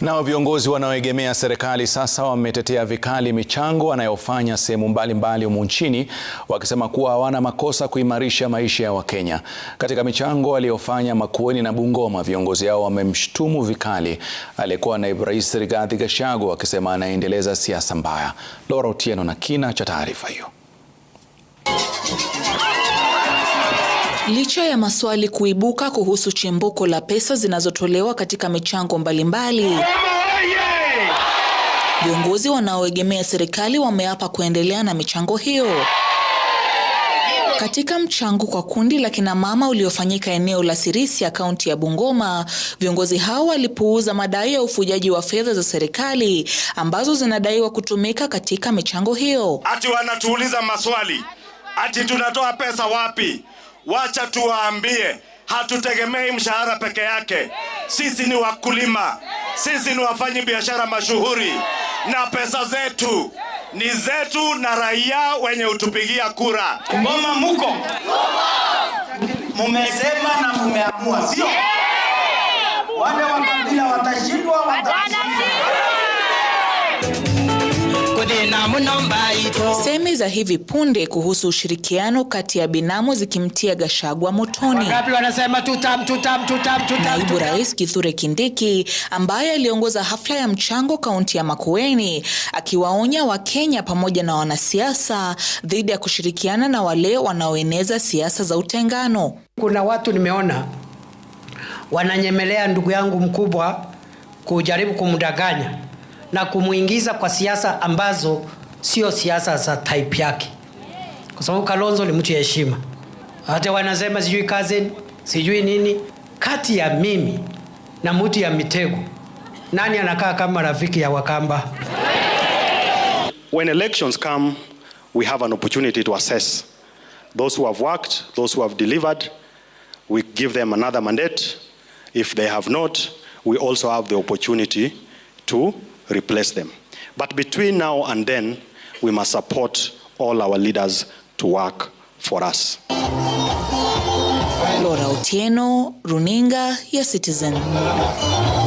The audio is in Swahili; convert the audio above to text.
Nao viongozi wanaoegemea serikali sasa wametetea vikali michango anayofanya sehemu mbalimbali humu nchini wakisema kuwa hawana makosa kuimarisha maisha ya Wakenya. Katika michango aliyofanya Makueni na Bungoma, viongozi hao wamemshtumu vikali aliyekuwa naibu rais Rigathi Gachagua wakisema anaendeleza siasa mbaya. Laura Otieno na kina cha taarifa hiyo. Licha ya maswali kuibuka kuhusu chimbuko la pesa zinazotolewa katika michango mbalimbali, viongozi wanaoegemea serikali wameapa kuendelea na michango hiyo. Katika mchango kwa kundi la kina mama uliofanyika eneo la Sirisia, kaunti ya Bungoma, viongozi hao walipuuza madai ya ufujaji wa fedha za serikali ambazo zinadaiwa kutumika katika michango hiyo. Ati wanatuuliza maswali, ati tunatoa pesa wapi? wacha tuwaambie, hatutegemei mshahara peke yake. Sisi ni wakulima, sisi ni wafanyi biashara mashuhuri, na pesa zetu ni zetu na raia wenye utupigia kura. Ngoma muko mumesema na mumeamua, sio wale wa kabila watashindwa wata Semi za hivi punde kuhusu ushirikiano kati ya binamu zikimtia Gachagua motoni. Naibu Rais Kithure Kindiki ambaye aliongoza hafla ya mchango kaunti ya Makueni akiwaonya Wakenya pamoja na wanasiasa dhidi ya kushirikiana na wale wanaoeneza siasa za utengano. Kuna watu nimeona wananyemelea ndugu yangu mkubwa kujaribu kumdanganya na kumuingiza kwa siasa ambazo sio siasa za type yake, kwa sababu Kalonzo ni mtu ya heshima. Hata wanasema sijui cousin sijui nini, kati ya mimi na mtu ya mitego, nani anakaa kama rafiki ya Wakamba? When elections come we have an opportunity to assess those who have worked, those who have delivered, we give them another mandate. If they have not, we also have the opportunity to replace them. But between now and then, we must support all our leaders to work for us. Laura Otieno, Runinga your Citizen.